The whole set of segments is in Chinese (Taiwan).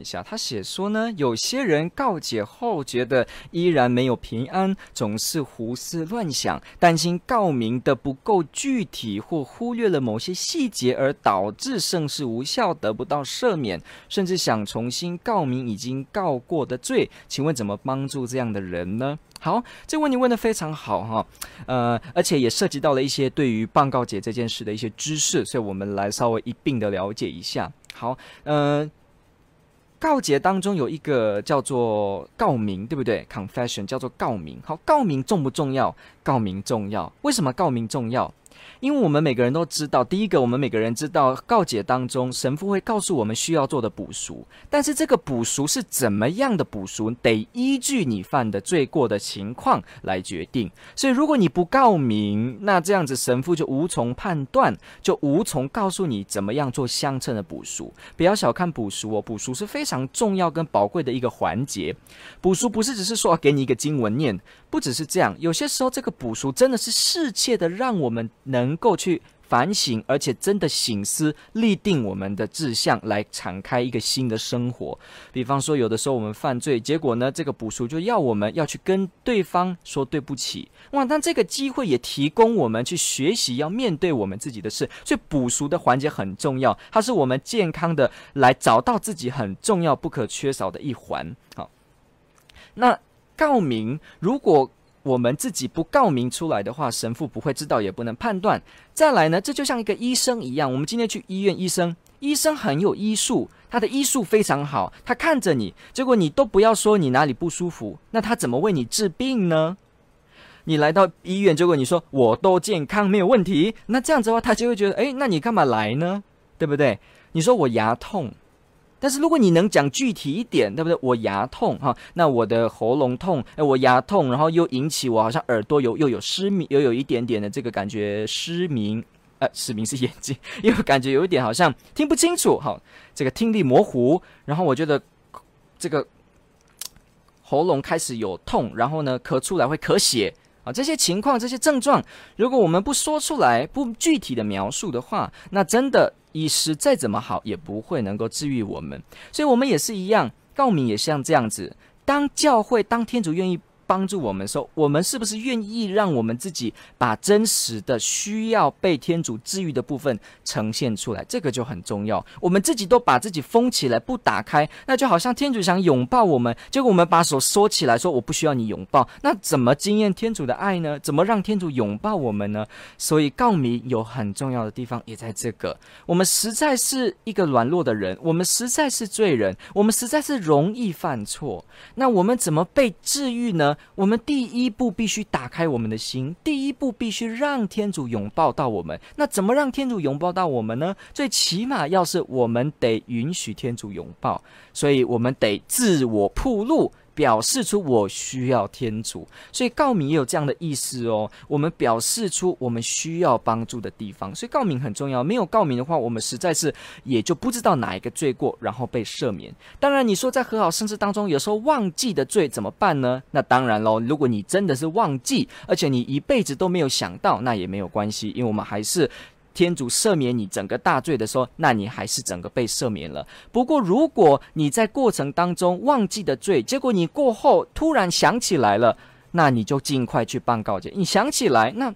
一下，他寫說呢，有些人告解後覺得依然沒有平安，總是胡思亂想，擔心告明的不夠具體或忽略了某些細節，而導致聖事無效，得不到赦免，甚至想重新告明已經告過的罪。請問怎麼幫助這樣的人呢？好，這問題問得非常好哈，呃，而且也涉及到了一些對於辦告解這件事的一些知識，所以我們來稍微一併的了解一下。好，嗯、呃。告解當中有一個叫做告明，對不對？Confession 叫做告明。好，告明重不重要？告明重要。為什麼告明重要？因為我們每個人都知道，第一個，我們每個人知道告解當中，神父會告訴我們需要做的補贖，但是這個補贖是怎麼樣的補贖，得依據你犯的罪過的情況來決定。所以，如果你不告明，那這樣子神父就無從判斷，就無從告訴你怎麼樣做相稱的補贖。不要小看補贖哦，補贖是非常重要跟寶貴的一個環節。補贖不是只是說給你一個經文念，不只是這樣，有些時候這個補贖真的是適切的讓我們。能夠去反省，而且真的省思立定我們的志向，來敞開一個新的生活。比方說，有的時候我們犯罪，結果呢，這個補贖就要我們要去跟對方說對不起。哇，但這個機會也提供我們去學習，要面對我們自己的事。所以補贖的環節很重要，它是我們健康的來找到自己很重要、不可缺少的一環。好，那告明如果。我們自己不告明出來的話，神父不會知道，也不能判斷。再來呢，這就像一個醫生一樣，我們今天去醫院，醫生，醫生很有醫術，他的醫術非常好，他看着你，結果你都不要說你哪裡不舒服，那他怎麼為你治病呢？你來到醫院，結果你說我都健康，沒有問題，那這樣子的話，他就會覺得，哎，那你幹嘛來呢？對不對？你說我牙痛。但是如果你能講具體一點，對不對？我牙痛哈，那我的喉嚨痛，哎，呃，我牙痛，然後又引起我好像耳朵有又有失明，又有一點點的這個感覺失明，呃，失明是眼睛，又感覺有一點好像聽不清楚，好，這個聽力模糊，然後我覺得這個喉嚨開始有痛，然後呢咳出來會咳血。啊，這些情況，這些症狀，如果我們不說出來，不具體的描述的話，那真的醫師再怎麼好，也不會能夠治癒我們。所以我們也是一樣，告明也像這樣子，當教會，當天主願意。幫助我們說，我們是不是願意讓我們自己把真實的需要被天主治愈的部分呈現出來？這個就很重要。我們自己都把自己封起來不打開，那就好像天主想擁抱我們，結果我們把手縮起來，說我不需要你擁抱。那怎麼經驗天主的愛呢？怎麼讓天主擁抱我們呢？所以告明有很重要的地方也在這個。我們實在是一個軟弱的人，我們實在是罪人，我們實在是容易犯錯。那我們怎麼被治愈呢？我們第一步必須打開我們的心，第一步必須讓天主擁抱到我們。那怎麼讓天主擁抱到我們呢？最起碼要是我們得允許天主擁抱，所以我們得自我鋪路。表示出我需要天主，所以告明也有這樣的意思哦。我們表示出我們需要幫助的地方，所以告明很重要。沒有告明的話，我們實在是也就不知道哪一個罪過，然後被赦免。當然，你說在和好聖事當中，有時候忘記的罪怎麼辦呢？那當然嘍，如果你真的是忘記，而且你一輩子都沒有想到，那也沒有關係，因為我們還是。天主赦免你整個大罪的時候，那你還是整個被赦免了。不過，如果你在過程當中忘記的罪，結果你過後突然想起來了，那你就儘快去辦告解。你想起來那。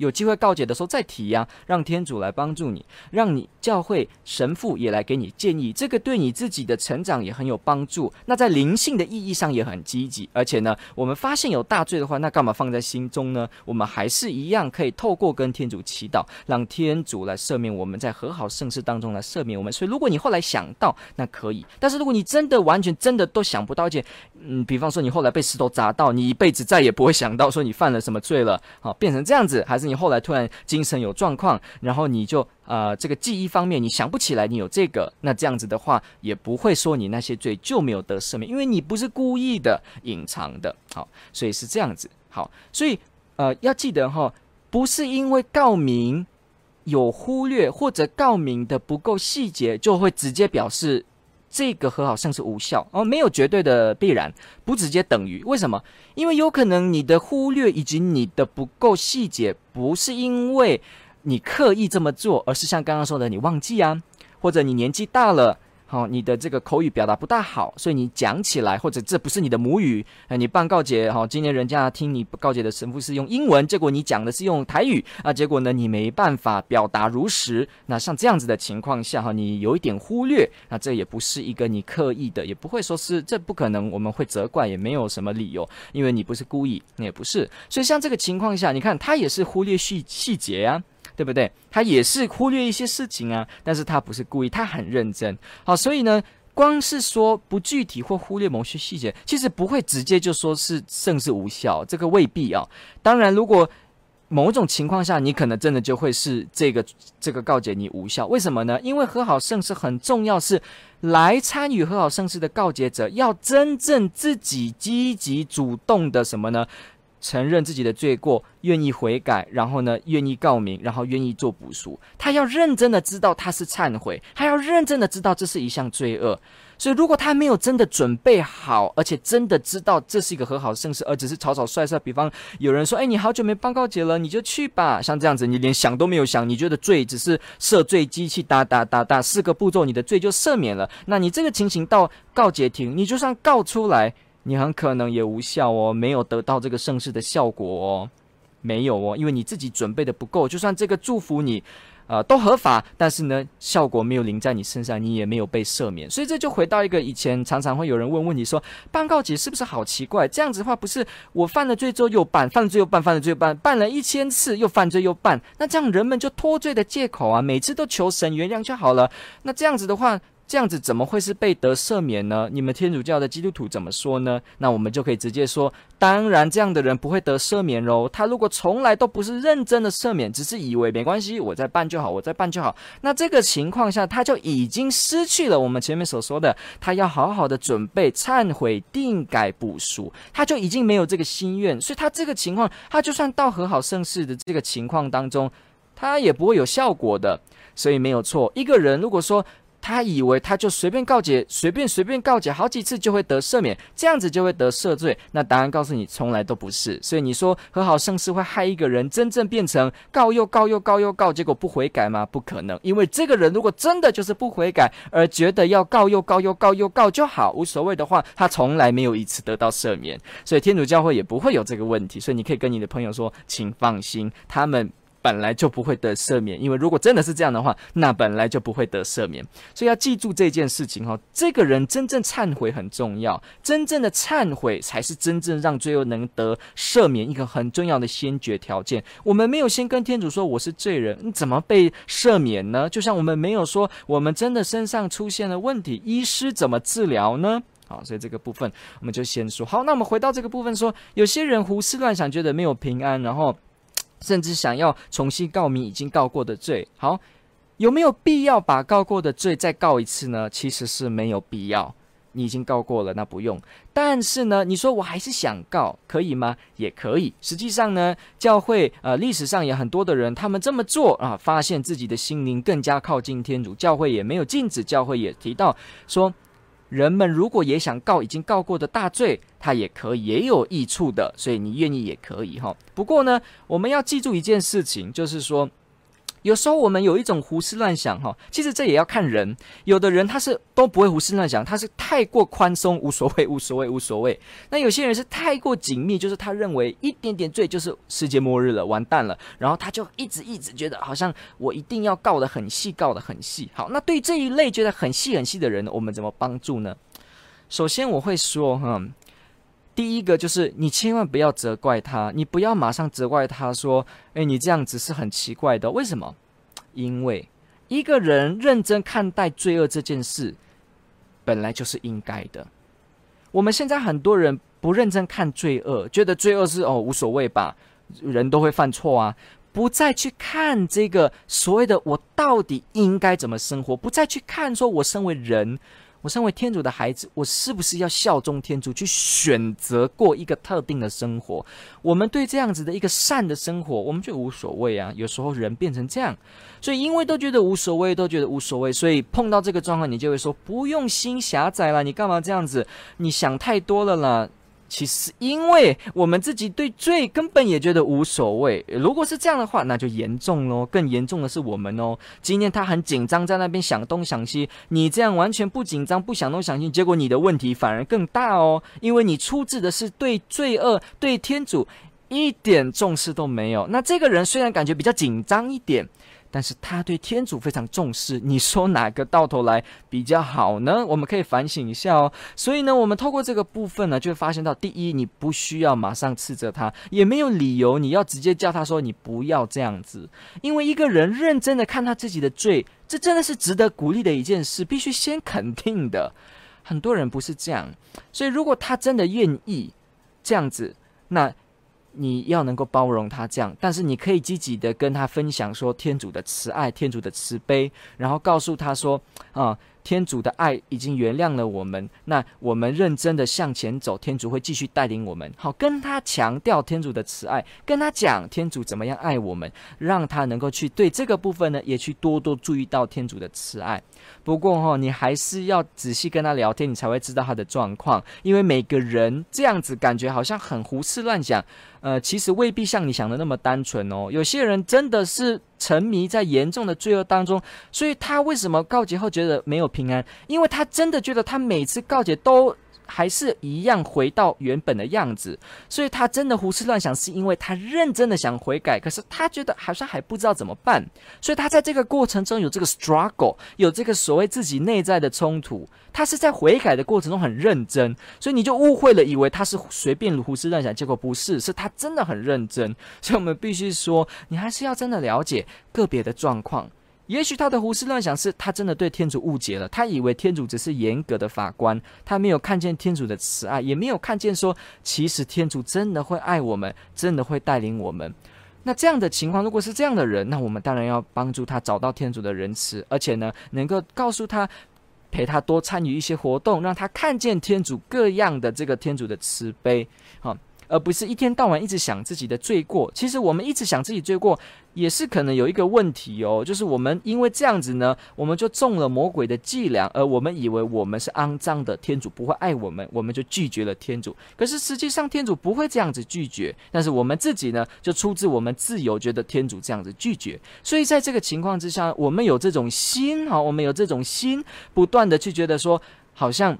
有機會告解的時候再提呀，讓天主來幫助你，讓你教會神父也來給你建議，這個對你自己的成長也很有幫助。那在靈性的意義上也很積極。而且呢，我們發現有大罪的話，那幹嘛放在心中呢？我們還是一樣可以透過跟天主祈禱，讓天主來赦免我們，在和好聖事當中來赦免我們。所以，如果你後來想到，那可以。但是，如果你真的完全真的都想不到，一件嗯，比方說你後來被石頭砸到，你一輩子再也不會想到說你犯了什麼罪了，好變成這樣子，還是。你後來突然精神有狀況，然後你就呃這個記憶方面你想不起來，你有這個，那這樣子的話也不會說你那些罪就沒有得赦免，因為你不是故意的隱藏的，好，所以是這樣子，好，所以呃要記得哈、哦，不是因為告明有忽略或者告明得不夠細節，就會直接表示。這個和好像，是無效哦，沒有絕對的必然，不直接等於。為什麼？因為有可能你的忽略以及你的不夠細節，不是因為你刻意這麼做，而是像剛剛說的，你忘記啊，或者你年紀大了。好、哦，你的這個口語表達不大好，所以你講起來或者這不是你的母語，呃、你辦告解好、哦，今天人家聽你告解的神父是用英文，結果你講的是用台語啊，結果呢，你沒辦法表達如實。那像這樣子的情況下哈、哦，你有一點忽略，那這也不是一個你刻意的，也不會說是這不可能，我們會責怪也沒有什麼理由，因為你不是故意，也不是。所以像這個情況下，你看他也是忽略細細節呀、啊。對不對？他也是忽略一些事情啊，但是他不是故意，他很認真。好，所以呢，光是說不具體或忽略某些細節，其實不會直接就說是聖事無效，這個未必啊、哦。當然，如果某種情況下，你可能真的就會是這個這個告解你無效。為什麼呢？因為和好聖事很重要，是來參與和好聖事的告解者要真正自己積極主動的什麼呢？承認自己的罪過，願意悔改，然後呢，願意告明，然後願意做補贖。他要認真的知道他是懺悔，他要認真的知道這是一項罪惡。所以，如果他沒有真的準備好，而且真的知道這是一個和好的聖事，而只是草草率率率，比方有人說：“誒、哎，你好久沒辦告解了，你就去吧。”像這樣子，你連想都沒有想，你覺得罪只是赦罪機器噠噠噠噠四個步驟，你的罪就赦免了。那你這個情形到告解亭，你就算告出來。你很可能也無效哦，沒有得到這個聖事的效果哦，沒有哦，因為你自己準備的不夠。就算這個祝福你，呃，都合法，但是呢，效果沒有臨在你身上，你也沒有被赦免。所以這就回到一個以前常常會有人問問你說：辦告解是不是好奇怪？這樣子的話，不是我犯了罪之後又辦，犯了罪又辦，犯了罪又辦，辦了一千次又犯罪又辦。那這樣人們就脫罪的借口啊，每次都求神原諒就好了。那這樣子的話。這樣子怎麼會是被得赦免呢？你們天主教的基督徒怎麼說呢？那我們就可以直接說，當然這樣的人不會得赦免嘍、哦。他如果從來都不是認真的赦免，只是以為沒關係，我再辦就好，我再辦就好。那這個情況下，他就已經失去了我們前面所說的，他要好好的準備、懺悔、定改、補贖，他就已經沒有這個心願。所以他這個情況，他就算到和好聖事的這個情況當中，他也不會有效果的。所以沒有錯，一個人如果說。他以為他就隨便告解，隨便隨便告解好幾次就會得赦免，這樣子就會得赦罪。那答案告訴你，從來都不是。所以你說和好聖事會害一個人，真正變成告又告又告又告、告，結果不悔改嗎？不可能，因為這個人如果真的就是不悔改，而覺得要告又告又告又告、告就好，無所謂的話，他從來沒有一次得到赦免。所以天主教會也不會有這個問題。所以你可以跟你的朋友說，請放心，他們。本來就不會得赦免，因為如果真的是這樣的話，那本來就不會得赦免。所以要記住這件事情哈、哦，這個人真正懺悔很重要，真正的懺悔才是真正讓最後能得赦免一個很重要的先決條件。我們沒有先跟天主說我是罪人，你怎麼被赦免呢？就像我們沒有說我們真的身上出現了問題，醫師怎麼治療呢？好，所以這個部分我們就先說好。那我們回到這個部分說，有些人胡思亂想，覺得沒有平安，然後。甚至想要重新告明已經告過的罪，好，有沒有必要把告過的罪再告一次呢？其實是沒有必要，你已經告過了，那不用。但是呢，你說我還是想告，可以嗎？也可以。實際上呢，教會呃歷史上有很多的人，他們這麼做啊、呃，發現自己的心靈更加靠近天主，教會也沒有禁止，教會也提到說，人們如果也想告已經告過的大罪，他也可以，也有益處的，所以你願意也可以哈。不過呢，我們要記住一件事情，就是說。有時候我們有一種胡思亂想哈，其實這也要看人。有的人他是都不會胡思亂想，他是太過寬鬆，無所謂，無所謂，無所謂。那有些人是太過緊密，就是他認為一點點罪就是世界末日了，完蛋了，然後他就一直一直覺得好像我一定要告得很細，告得很細。好，那對這一類覺得很細很細的人，我們怎麼幫助呢？首先我會說，哈、嗯。第一個就是，你千萬不要責怪他，你不要馬上責怪他說：“哎，你這樣子是很奇怪的。”為什麼？因為一個人認真看待罪惡這件事，本來就是應該的。我們現在很多人不認真看罪惡，覺得罪惡是哦，無所謂吧，人都會犯錯啊。不再去看這個所謂的我到底應該怎麼生活，不再去看說我身為人。我身為天主的孩子，我是不是要效忠天主，去選擇過一個特定的生活？我們對這樣子的一個善的生活，我們就無所謂啊。有時候人變成這樣，所以因為都覺得無所謂，都覺得無所謂，所以碰到這個狀況，你就會說不用心狹窄了，你幹嘛這樣子？你想太多了啦。其實，因為我們自己對罪根本也覺得無所謂。如果是這樣的話，那就嚴重嘍。更嚴重的是我們哦。今天他很緊張，在那邊想東想西。你這樣完全不緊張，不想東想西，結果你的問題反而更大哦。因為你出自的是對罪惡、對天主一點重視都沒有。那這個人雖然感覺比較緊張一點。但是他對天主非常重視，你說哪個到頭來比較好呢？我們可以反省一下哦。所以呢，我們透過這個部分呢，就會發現到，第一，你不需要馬上斥責他，也沒有理由你要直接叫他說你不要這樣子，因為一個人認真的看他自己的罪，這真的是值得鼓勵的一件事，必須先肯定的。很多人不是這樣，所以如果他真的願意這樣子，那。你要能夠包容他這樣，但是你可以積極的跟他分享說天主的慈愛、天主的慈悲，然後告訴他說啊、嗯，天主的愛已經原諒了我們，那我們認真的向前走，天主會繼續帶領我們。好，跟他強調天主的慈愛，跟他講天主怎麼樣愛我們，讓他能夠去對這個部分呢，也去多多注意到天主的慈愛。不過哈、哦，你還是要仔細跟他聊天，你才會知道他的狀況。因為每個人這樣子感覺好像很胡思亂想，呃，其實未必像你想的那麼單純哦。有些人真的是沉迷在嚴重的罪惡當中，所以他為什麼告解後覺得沒有平安？因為他真的覺得他每次告解都還是一樣回到原本的樣子，所以他真的胡思亂想，是因為他認真的想悔改，可是他覺得好像還不知道怎麼辦，所以他在這個過程中有這個 struggle，有這個所謂自己內在的衝突，他是在悔改的過程中很認真，所以你就誤會了，以為他是隨便胡思亂想，結果不是，是他真的很認真，所以我們必須說，你還是要真的了解個別的狀況。也許他的胡思亂想是他真的對天主誤解了，他以為天主只是嚴格的法官，他沒有看見天主的慈愛，也沒有看見說，其實天主真的會愛我們，真的會帶領我們。那這樣的情況，如果是這樣的人，那我們當然要幫助他找到天主的仁慈，而且呢，能夠告訴他，陪他多參與一些活動，讓他看見天主各樣的這個天主的慈悲，而不是一天到晚一直想自己的罪過。其實我們一直想自己罪過，也是可能有一個問題哦，就是我們因為這樣子呢，我們就中了魔鬼的伎倆，而我們以為我們是骯髒的，天主不會愛我們，我們就拒絕了天主。可是實際上天主不會這樣子拒絕，但是我們自己呢，就出自我們自由，覺得天主這樣子拒絕。所以在這個情況之下，我們有這種心哈，我們有這種心，不斷的去覺得說，好像，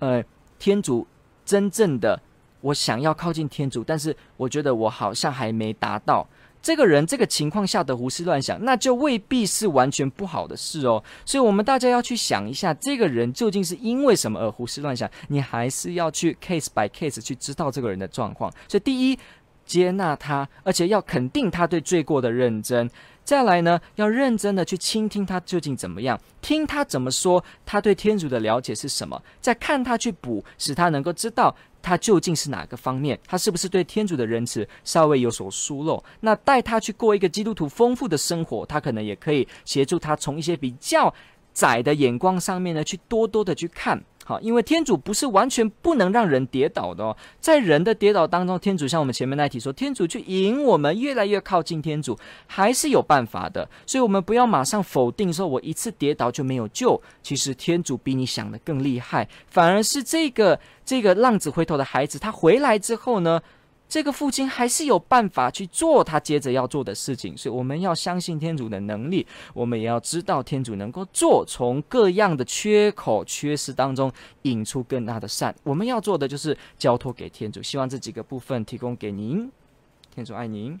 呃，天主真正的。我想要靠近天主，但是我覺得我好像還沒達到。這個人這個情況下的胡思亂想，那就未必是完全不好的事哦。所以，我們大家要去想一下，這個人究竟是因為什麼而胡思亂想？你還是要去 case by case 去知道這個人的狀況。所以，第一，接納他，而且要肯定他對罪過的認真。再來呢，要認真的去傾聽他究竟怎麼樣，聽他怎麼說，他對天主的了解是什麼，再看他去補，使他能夠知道他究竟是哪個方面，他是不是對天主的仁慈稍微有所疏漏。那帶他去過一個基督徒豐富的生活，他可能也可以協助他從一些比較窄的眼光上面呢，去多多的去看。好，因為天主不是完全不能讓人跌倒的哦，在人的跌倒當中，天主像我們前面那一題說，天主去引我們越來越靠近天主，還是有辦法的。所以，我們不要馬上否定說，我一次跌倒就沒有救。其實，天主比你想的更厲害，反而是這個這個浪子回頭的孩子，他回來之後呢？這個父親還是有辦法去做他接着要做的事情，所以我們要相信天主的能力，我們也要知道天主能夠做從各樣的缺口、缺失當中引出更大的善。我們要做的就是交托給天主。希望這幾個部分提供給您，天主愛您。